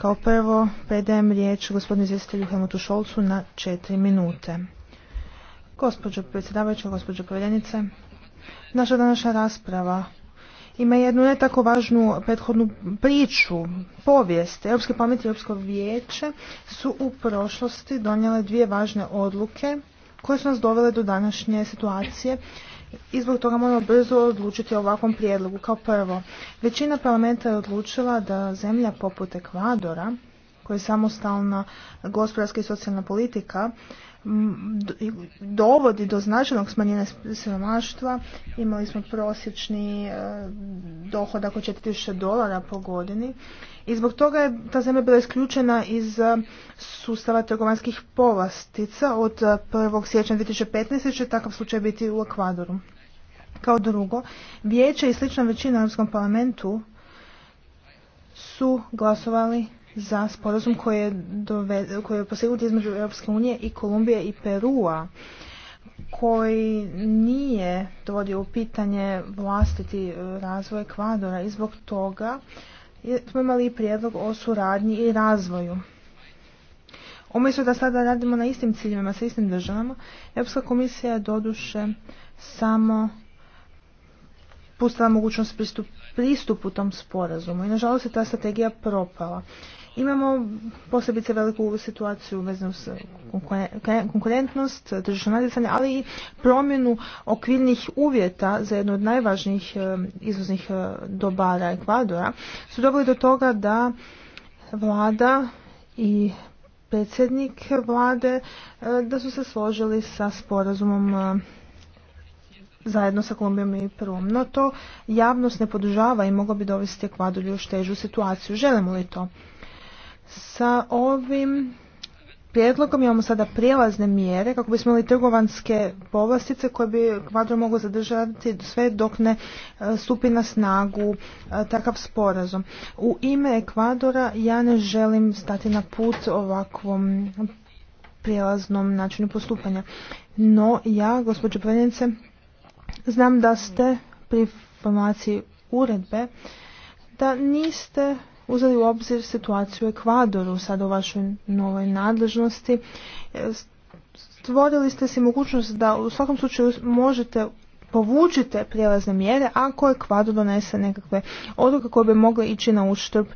Kao prvo predajem riječ gospodinu izvjestitelju Helmutu Šolcu na četiri minute. Gospođo predsjedavajuća, gospođo povjerenice, naša današnja rasprava ima jednu ne tako važnu prethodnu priču, povijest. Europski pamet i Europsko vijeće su u prošlosti donijele dvije važne odluke koje su nas dovele do današnje situacije i zbog toga moramo brzo odlučiti o ovakvom prijedlogu. Kao prvo, većina parlamenta je odlučila da zemlja poput Ekvadora, koja je samostalna gospodarska i socijalna politika, dovodi do značajnog smanjenja siromaštva. Imali smo prosječni e, dohodak od 4000 dolara po godini i zbog toga je ta zemlja bila isključena iz e, sustava trgovanskih povlastica od 1. E, siječnja 2015. će takav slučaj biti u Ekvadoru. Kao drugo, vijeće i slična većina u Europskom parlamentu su glasovali za sporazum koji je, dove, između Europske unije i Kolumbije i Perua koji nije dovodio u pitanje vlastiti e, razvoj Ekvadora i zbog toga smo imali i prijedlog o suradnji i razvoju. Umjesto da sada radimo na istim ciljima sa istim državama, Europska komisija je doduše samo pustila mogućnost pristupu tom sporazumu i nažalost je ta strategija propala. Imamo posebice veliku situaciju vezanu s konkurentnost, tržišno natjecanje, ali i promjenu okvirnih uvjeta za jednu od najvažnijih izvoznih dobara Ekvadora su doveli do toga da vlada i predsjednik vlade da su se složili sa sporazumom zajedno sa Kolumbijom i Perom. No to javnost ne podržava i mogao bi dovesti Ekvador u težu situaciju. Želimo li to? Sa ovim prijedlogom imamo sada prijelazne mjere kako bismo imali trgovanske povlastice koje bi Ekvador mogao zadržati sve dok ne e, stupi na snagu e, takav sporazum. U ime Ekvadora ja ne želim stati na put ovakvom prijelaznom načinu postupanja. No ja, gospođo Prvenice, Znam da ste pri formaciji uredbe da niste uzeli u obzir situaciju u Ekvadoru sad u vašoj novoj nadležnosti. Stvorili ste si mogućnost da u svakom slučaju možete povučite prijelazne mjere ako Ekvador donese nekakve odluke koje bi mogle ići na uštrb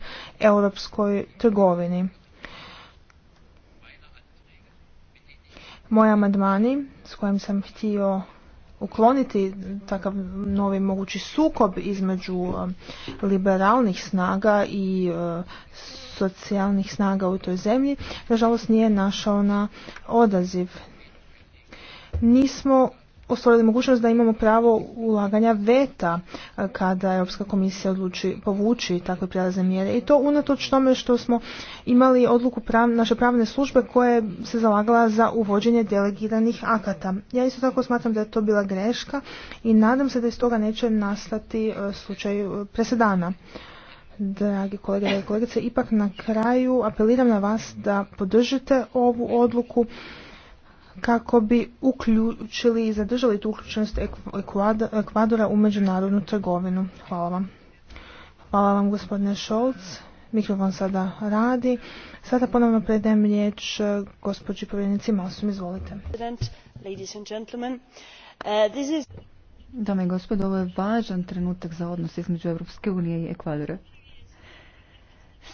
europskoj trgovini. Moji amandmani s kojim sam htio ukloniti takav novi mogući sukob između e, liberalnih snaga i e, socijalnih snaga u toj zemlji, nažalost nije našao na odaziv. Nismo ostvarili mogućnost da imamo pravo ulaganja veta e, kada Europska komisija odluči povući takve prijelazne mjere. I to unatoč tome što smo imali odluku prav, naše pravne službe koja se zalagala za uvođenje delegiranih akata. Ja isto tako smatram da je to bila greška i nadam se da iz toga neće nastati e, slučaj e, presedana. Dragi kolege i kolegice, ipak na kraju apeliram na vas da podržite ovu odluku kako bi uključili i zadržali tu uključenost Ekvadora u međunarodnu trgovinu. Hvala vam. Hvala vam gospodine Šolc. Mikrofon sada radi. Sada ponovno predajem riječ e, gospođi povjerenici Masum, Izvolite. Uh, Dame i gospodo, ovo je važan trenutak za odnos između Europske unije i Ekvadora.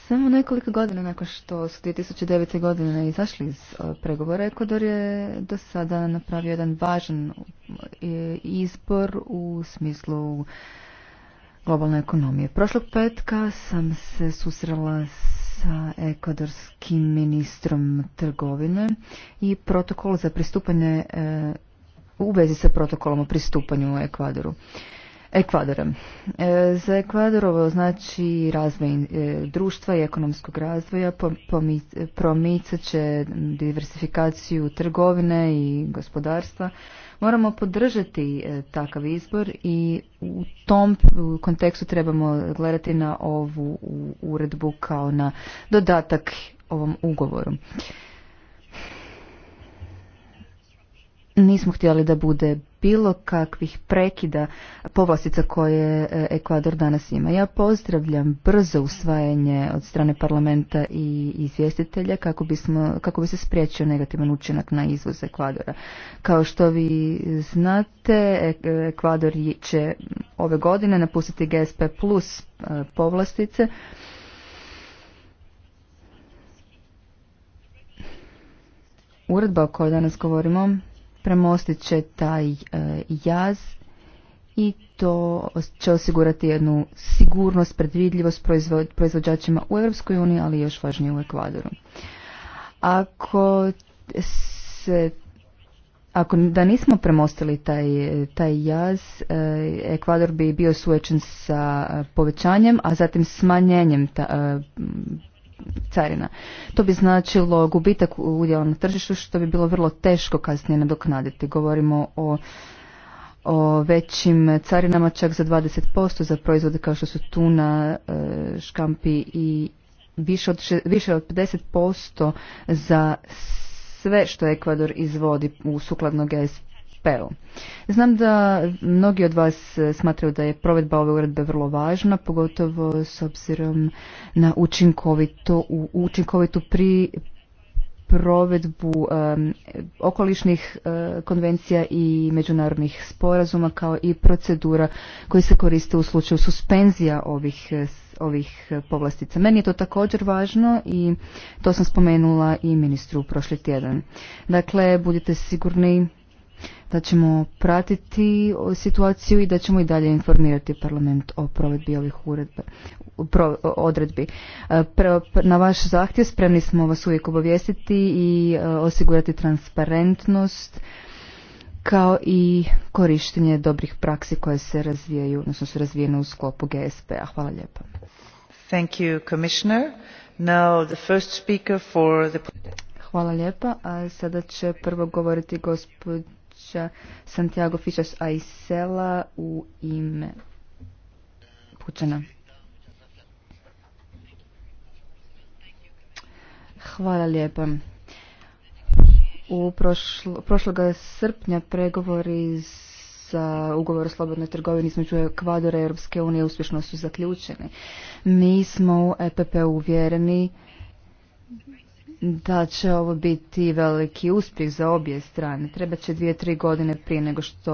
Samo nekoliko godina nakon što su 2009. godine izašli iz e, pregovora, Ekodor je do sada napravio jedan važan e, izbor u smislu globalne ekonomije. Prošlog petka sam se susrela sa ekodorskim ministrom trgovine i protokol za pristupanje e, u vezi sa protokolom o pristupanju u Ekvadoru. Ekvadorom. E, za Ekvadorovo znači razvoj e, društva i ekonomskog razvoja, promicat će diversifikaciju trgovine i gospodarstva. Moramo podržati e, takav izbor i u tom kontekstu trebamo gledati na ovu uredbu kao na dodatak ovom ugovoru. nismo htjeli da bude bilo kakvih prekida povlastica koje e, Ekvador danas ima. Ja pozdravljam brzo usvajanje od strane parlamenta i izvjestitelja kako, bismo, kako bi se spriječio negativan učinak na izvoz Ekvadora. Kao što vi znate, Ekvador će ove godine napustiti GSP plus e, povlastice. Uredba o kojoj danas govorimo premostit će taj e, jaz i to će osigurati jednu sigurnost, predvidljivost proizvođačima u Europskoj uniji, ali još važnije u Ekvadoru. Ako se ako da nismo premostili taj, taj jaz, e, Ekvador bi bio suočen sa povećanjem, a zatim smanjenjem ta, e, carina. To bi značilo gubitak udjela na tržištu što bi bilo vrlo teško kasnije nadoknaditi. Govorimo o većim carinama čak za 20% za proizvode kao što su tuna, e, škampi i više od, više od 50% za sve što Ekvador izvodi u sukladno GSP Znam da mnogi od vas e, smatraju da je provedba ove uredbe vrlo važna, pogotovo s obzirom na učinkovitu pri provedbu um, okolišnih e, konvencija i međunarodnih sporazuma kao i procedura koji se koriste u slučaju suspenzija ovih, e, ovih povlastica. Meni je to također važno i to sam spomenula i ministru prošli tjedan. Dakle, budite sigurni da ćemo pratiti situaciju i da ćemo i dalje informirati parlament o provedbi ovih uredbe, odredbi. E, na vaš zahtjev spremni smo vas uvijek obavijestiti i e, osigurati transparentnost kao i korištenje dobrih praksi koje se razvijaju, odnosno su razvijene u sklopu GSP-a. Hvala lijepa. Thank you, Commissioner. Now the first speaker for the... Hvala lijepa. A sada će prvo govoriti gospodin Santiago i Aisela u ime Pučana. Hvala lijepa. U prošlo, prošloga srpnja pregovori za ugovor o slobodnoj trgovini između Ekvadora i Europske unije uspješno su zaključeni. Mi smo u EPP uvjereni da će ovo biti veliki uspjeh za obje strane. Treba će dvije, tri godine prije nego što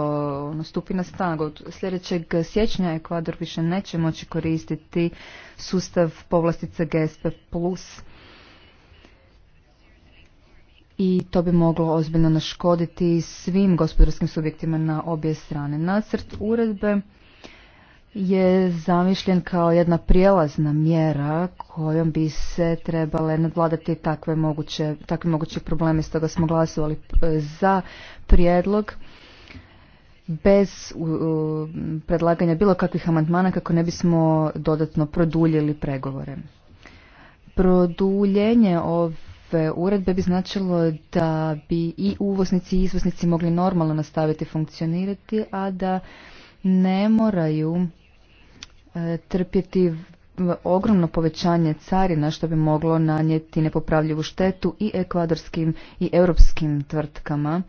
nastupi ono na snagu. Od sljedećeg siječnja Ekvador više neće moći koristiti sustav povlastica GSP+. I to bi moglo ozbiljno naškoditi svim gospodarskim subjektima na obje strane. Nacrt uredbe je zamišljen kao jedna prijelazna mjera kojom bi se trebale nadvladati takve moguće, takve moguće probleme, stoga smo glasovali e, za prijedlog bez predlaganja bilo kakvih amandmana kako ne bismo dodatno produljili pregovore. Produljenje ove uredbe bi značilo da bi i uvoznici i izvoznici mogli normalno nastaviti funkcionirati, a da ne moraju E, trpjeti ogromno povećanje carina što bi moglo nanijeti nepopravljivu štetu i ekvadorskim i europskim tvrtkama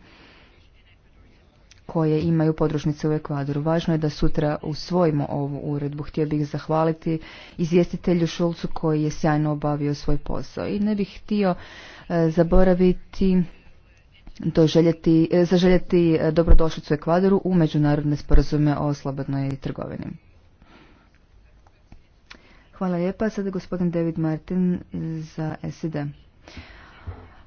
koje imaju podružnice u Ekvadoru. Važno je da sutra usvojimo ovu uredbu. Htio bih zahvaliti izvjestitelju Šulcu koji je sjajno obavio svoj posao. I ne bih htio e, zaboraviti doželjeti, e, zaželjeti dobrodošlicu Ekvadoru u međunarodne sporazume o slobodnoj trgovini. Hvala lijepa. Sada gospodin David Martin za SED.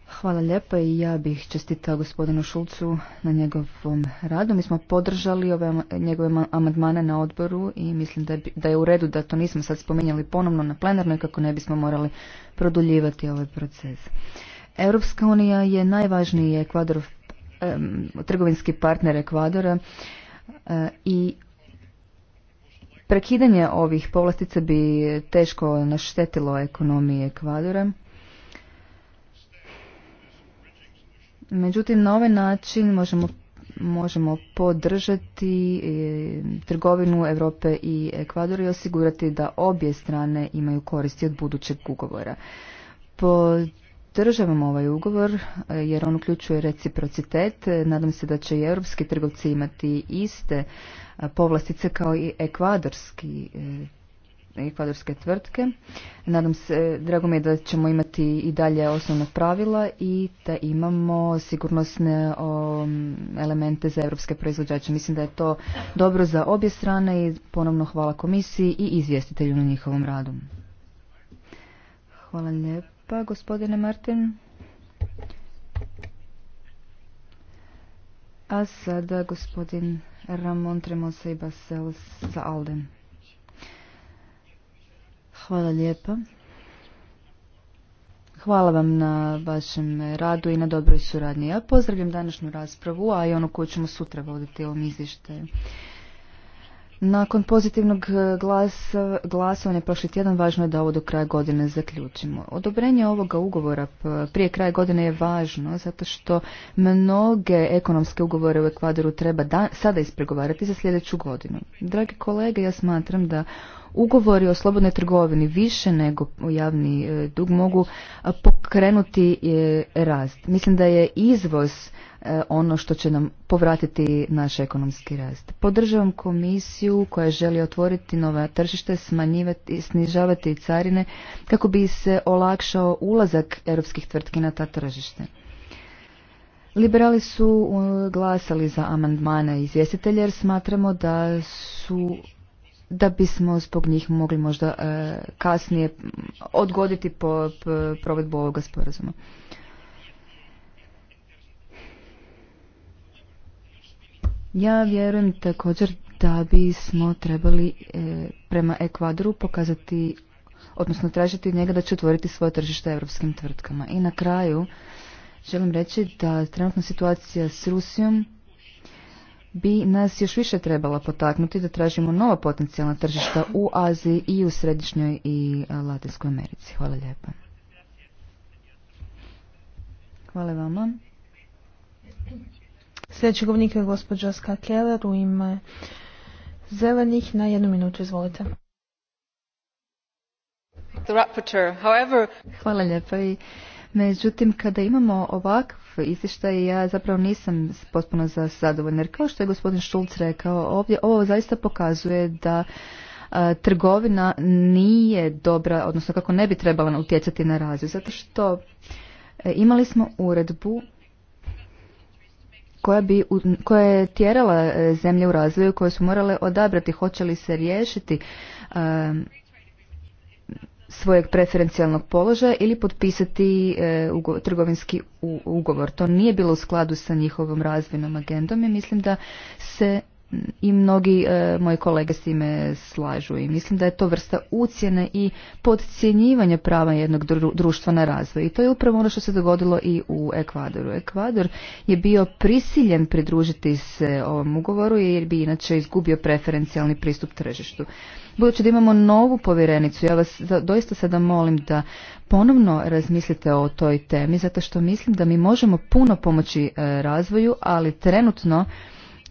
Hvala lijepa i ja bih čestitao gospodinu Šulcu na njegovom radu. Mi smo podržali ove njegove amandmane na odboru i mislim da je, da je u redu da to nismo sad spominjali ponovno na plenarnoj kako ne bismo morali produljivati ovaj proces. Europska unija je najvažniji Ekvadorov, trgovinski partner Ekvadora e, i Prekidanje ovih povlastica bi teško naštetilo ekonomiji Ekvadora. Međutim, na ovaj način možemo, možemo podržati e, trgovinu Europe i Ekvadora i osigurati da obje strane imaju koristi od budućeg ugovora. Po podržavam ovaj ugovor e, jer on uključuje reciprocitet. E, nadam se da će i europski trgovci imati iste e, povlastice kao i ekvadorski ekvadorske tvrtke. Nadam se, drago mi je da ćemo imati i dalje osnovna pravila i da imamo sigurnosne elemente za europske proizvođače. Mislim da je to dobro za obje strane i ponovno hvala komisiji i izvjestitelju na njihovom radu. Hvala lijepo lijepa, gospodine Martin. A sada gospodin Ramon Tremosa i Basel sa Alden. Hvala lijepa. Hvala vam na vašem radu i na dobroj suradnji. Ja pozdravljam današnju raspravu, a i onu koju ćemo sutra voditi ovom nakon pozitivnog e, glasovanja prošli tjedan važno je da ovo do kraja godine zaključimo. Odobrenje ovoga ugovora prije kraja godine je važno zato što mnoge ekonomske ugovore u Ekvadoru treba sada ispregovarati za sljedeću godinu. Dragi kolege, ja smatram da ugovori o slobodnoj trgovini više nego javni e, dug mogu e, pokrenuti e, rast. Mislim da je izvoz ono što će nam povratiti naš ekonomski rast. Podržavam komisiju koja želi otvoriti nova tržište, smanjivati, snižavati carine kako bi se olakšao ulazak europskih tvrtki na ta tržište. Liberali su glasali za amandmana izvjestitelja jer smatramo da su da bismo zbog njih mogli možda e, kasnije odgoditi po provedbu ovoga sporazuma. Ja vjerujem također da bismo trebali e, prema Ekvadoru pokazati, odnosno tražiti njega da će otvoriti svoje tržište europskim tvrtkama. I na kraju želim reći da trenutna situacija s Rusijom bi nas još više trebala potaknuti da tražimo nova potencijalna tržišta u Aziji i u Središnjoj i e, Latinskoj Americi. Hvala lijepa. Hvala vama. Sljedeći govornik je gospođa Ska Keller u ime zelenih na jednu minutu. Izvolite. Hvala lijepa i Međutim, kada imamo ovakav izvještaj, ja zapravo nisam potpuno zadovoljna. Jer kao što je gospodin Šulc rekao ovdje, ovo zaista pokazuje da trgovina nije dobra, odnosno kako ne bi trebala utjecati na razvoj. Zato što e, imali smo uredbu koja, bi, koja je tjerala e, zemlje u razvoju koje su morale odabrati hoće li se riješiti svojeg preferencijalnog položaja ili potpisati e, trgovinski ugovor. To nije bilo u skladu sa njihovom razvojnom agendom i mislim da se i mnogi e, moji kolege s time slažu i mislim da je to vrsta ucjene i podcjenjivanja prava jednog društva na razvoj i to je upravo ono što se dogodilo i u Ekvadoru. Ekvador je bio prisiljen pridružiti se ovom ugovoru jer bi inače izgubio preferencijalni pristup tržištu. Budući da imamo novu povjerenicu, ja vas doista sada molim da ponovno razmislite o toj temi zato što mislim da mi možemo puno pomoći e, razvoju, ali trenutno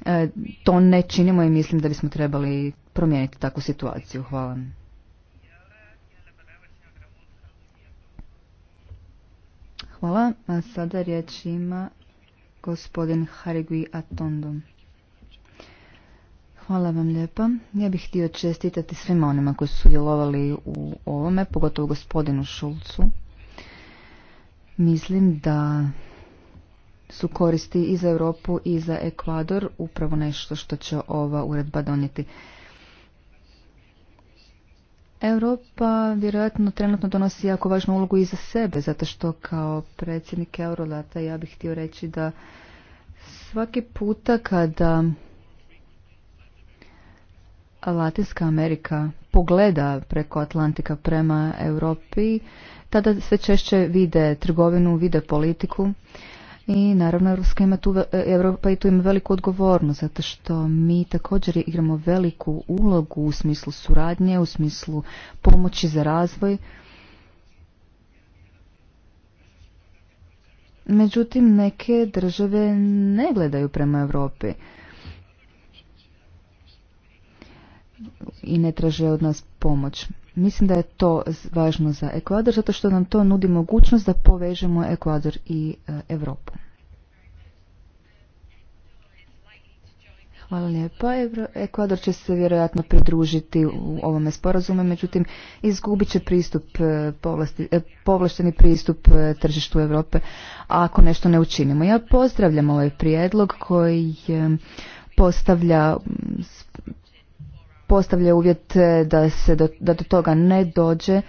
E, to ne činimo i mislim da bismo trebali promijeniti takvu situaciju. Hvala. Hvala. A sada riječ ima gospodin Harigui Atondo. Hvala vam lijepa. Ja bih htio čestitati svima onima koji su sudjelovali u ovome, pogotovo gospodinu Šulcu. Mislim da su koristi i za Europu i za Ekvador, upravo nešto što će ova uredba donijeti. Europa vjerojatno trenutno donosi jako važnu ulogu i za sebe, zato što kao predsjednik Eurolata ja bih htio reći da svaki puta kada Latinska Amerika pogleda preko Atlantika prema Europi, tada sve češće vide trgovinu, vide politiku i naravno Evropska ima tu, e, Evropa i tu ima veliku odgovornost zato što mi također igramo veliku ulogu u smislu suradnje, u smislu pomoći za razvoj. Međutim, neke države ne gledaju prema Europi i ne traže od nas pomoć. Mislim da je to važno za Ekvador zato što nam to nudi mogućnost da povežemo Ekvador i Europu. Hvala lijepa. Ekvador će se vjerojatno pridružiti u ovome sporazume, međutim izgubit će pristup, e, e, povlašteni pristup e, tržištu Europe ako nešto ne učinimo. Ja pozdravljam ovaj prijedlog koji postavlja postavlja uvjet e, da, se do, da do toga ne dođe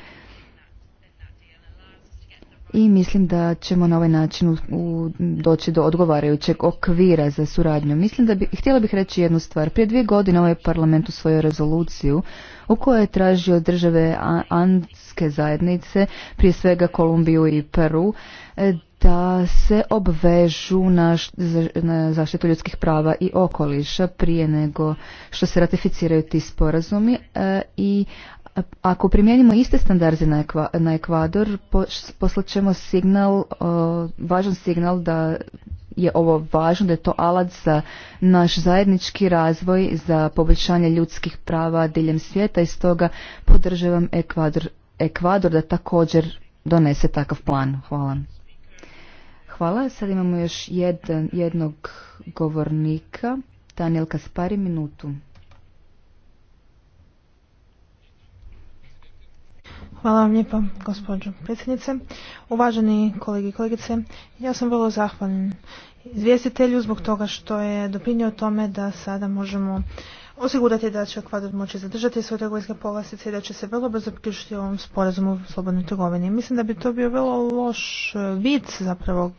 i mislim da ćemo na ovaj način u, doći do odgovarajućeg okvira za suradnju. Mislim da bi, htjela bih reći jednu stvar. Prije dvije godine ovaj parlament usvojio rezoluciju u kojoj je tražio države Andske zajednice, prije svega Kolumbiju i Peru, e, da se obvežu na zaštitu ljudskih prava i okoliša prije nego što se ratificiraju ti sporazumi e, i ako primijenimo iste standarde na Ekvador, poslat signal, važan signal da je ovo važno, da je to alat za naš zajednički razvoj, za poboljšanje ljudskih prava diljem svijeta i stoga podržavam Ekvador, Ekvador da također donese takav plan. Hvala. Hvala. Sad imamo još jednog govornika. Daniel Kaspari, minutu. Hvala vam lijepa, gospođo predsjednice. Uvaženi kolegi i kolegice, ja sam vrlo zahvalan izvjestitelju zbog toga što je doprinio tome da sada možemo osigurati da će kvadrat moći zadržati svoje trgovinske povlastice i da će se vrlo brzo priključiti ovom sporazumu o slobodnoj trgovini. Mislim da bi to bio vrlo loš e, vic zapravo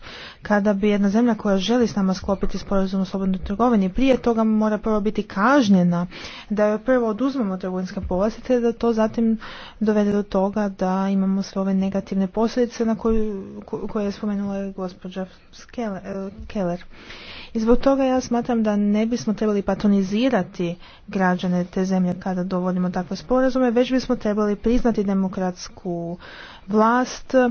kada bi jedna zemlja koja želi s nama sklopiti sporazum o slobodnoj trgovini prije toga mora prvo biti kažnjena da joj prvo oduzmemo trgovinske povlastice da to zatim dovede do toga da imamo sve ove negativne posljedice na koju, koje je spomenula gospođa e, Keller. I zbog toga ja smatram da ne bismo trebali patronizirati građane te zemlje kada dovodimo takve sporazume, već bismo trebali priznati demokratsku vlast e,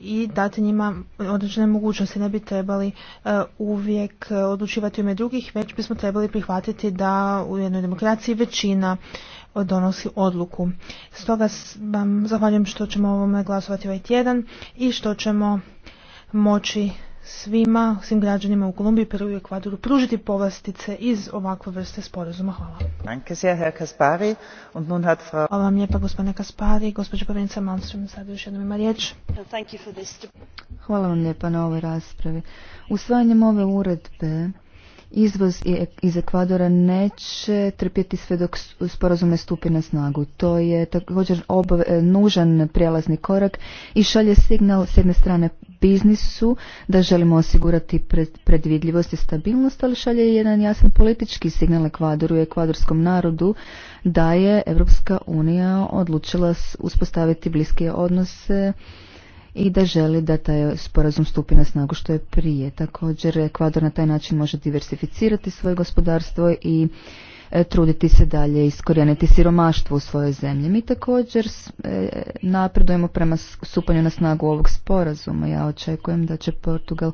i dati njima određene mogućnosti. Ne bi trebali e, uvijek odlučivati u ime drugih, već bismo trebali prihvatiti da u jednoj demokraciji većina donosi odluku. Stoga vam zahvaljujem što ćemo ovome glasovati ovaj tjedan i što ćemo moći svima, svim građanima u Kolumbiji, Peru i Ekvadoru pružiti povlastice iz ovakve vrste sporazuma. Hvala. Hvala vam lijepa gospodine Kaspari. Gospođa Pavljenica Malmström, sad još jednom ima riječ. Hvala vam lijepa na ovoj raspravi. Usvajanjem ove uredbe izvoz iz Ekvadora neće trpjeti sve dok sporazum ne stupi na snagu. To je također e, nužan prijelazni korak i šalje signal s jedne strane biznisu da želimo osigurati predvidljivost i stabilnost, ali šalje jedan jasan politički signal Ekvadoru i ekvadorskom narodu da je Europska unija odlučila uspostaviti bliske odnose i da želi da taj sporazum stupi na snagu što je prije. Također, Ekvador na taj način može diversificirati svoje gospodarstvo i e, truditi se dalje iskorijeniti siromaštvo u svojoj zemlji. Mi također e, napredujemo prema stupanju na snagu ovog sporazuma. Ja očekujem da će Portugal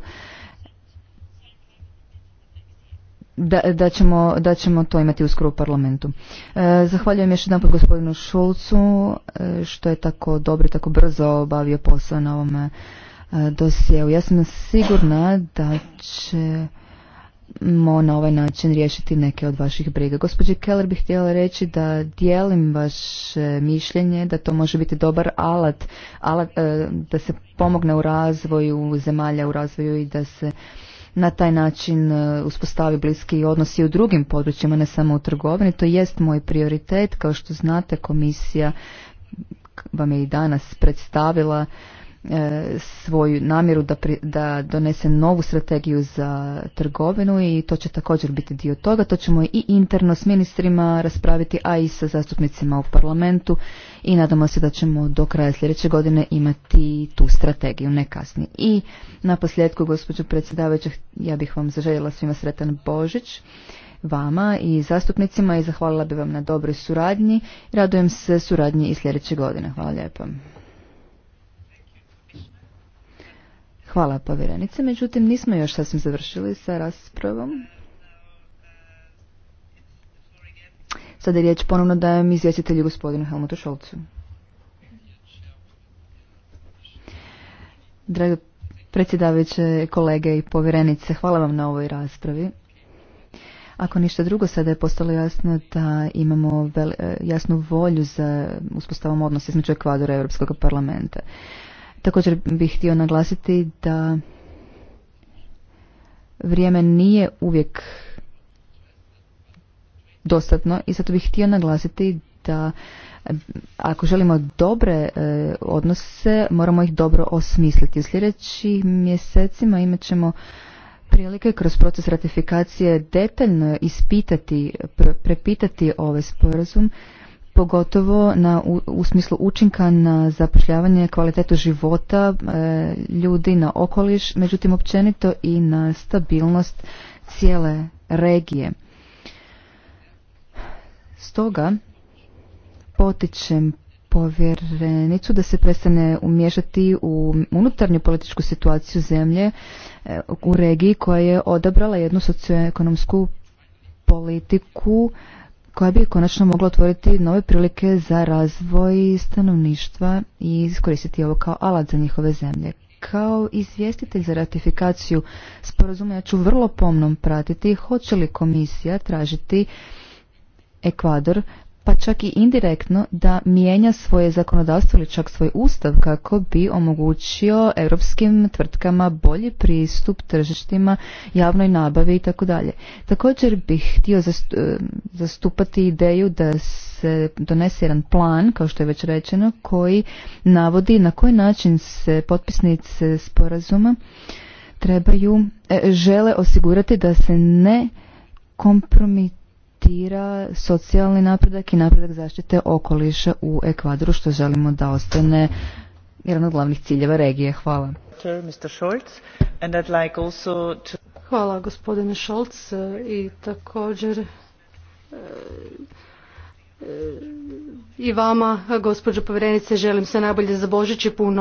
da, da, ćemo, da ćemo to imati uskoro u parlamentu. E, zahvaljujem još jedanput gospodinu Šulcu e, što je tako dobro i tako brzo obavio posao na ovom e, Ja sam sigurna da ćemo na ovaj način riješiti neke od vaših briga. Gospodin Keller bi htjela reći da dijelim vaše mišljenje, da to može biti dobar alat, alat e, da se pomogne u razvoju zemalja, u razvoju i da se na taj način e, uspostavi bliski odnos i u drugim područjima, ne samo u trgovini. To jest moj prioritet. Kao što znate, komisija vam je i danas predstavila E, svoju namjeru da, pri, da donese novu strategiju za trgovinu i to će također biti dio toga. To ćemo i interno s ministrima raspraviti, a i sa zastupnicima u parlamentu i nadamo se da ćemo do kraja sljedeće godine imati tu strategiju, ne kasnije. I na posljedku, gospođo predsjedavajuća, ja bih vam zaželjela svima sretan Božić vama i zastupnicima i zahvalila bih vam na dobroj suradnji. Radujem se suradnji i sljedeće godine. Hvala lijepo. Hvala povjerenice, međutim nismo još sasvim završili sa raspravom. Sada je riječ ponovno dajem izvjestitelju gospodinu Helmutu Šolcu. Drago predsjedavajuće kolege i povjerenice, hvala vam na ovoj raspravi. Ako ništa drugo, sada je postalo jasno da imamo e, jasnu volju za uspostavom odnosa između Ekvadora i Europskog parlamenta. Također bih htio naglasiti da vrijeme nije uvijek dostatno i zato bih htio naglasiti da e, ako želimo dobre e, odnose, moramo ih dobro osmisliti. U sljedećim mjesecima imat ćemo prilike kroz proces ratifikacije detaljno ispitati, prepitati ovaj sporazum pogotovo na, u, smislu učinka na zapošljavanje kvalitetu života e, ljudi na okoliš, međutim općenito i na stabilnost cijele regije. Stoga potičem povjerenicu da se prestane umješati u unutarnju političku situaciju zemlje e, u regiji koja je odabrala jednu socioekonomsku politiku koja bi konačno mogla otvoriti nove prilike za razvoj stanovništva i iskoristiti ovo kao alat za njihove zemlje. Kao izvjestitelj za ratifikaciju sporazuma ja ću vrlo pomnom pratiti hoće li komisija tražiti Ekvador pa čak i indirektno da mijenja svoje zakonodavstvo ili čak svoj ustav kako bi omogućio europskim tvrtkama bolji pristup tržištima, javnoj nabavi i tako dalje. Također bih htio eh, zastupati ideju da se donese jedan plan, kao što je već rečeno, koji navodi na koji način se potpisnici sporazuma trebaju, eh, žele osigurati da se ne kompromit garantira socijalni napredak i napredak zaštite okoliša u Ekvadoru što želimo da ostane jedan od glavnih ciljeva regije. Hvala. Hvala gospodine Šolc i također e, e, i vama gospođo povjerenice želim se najbolje za Božić i puno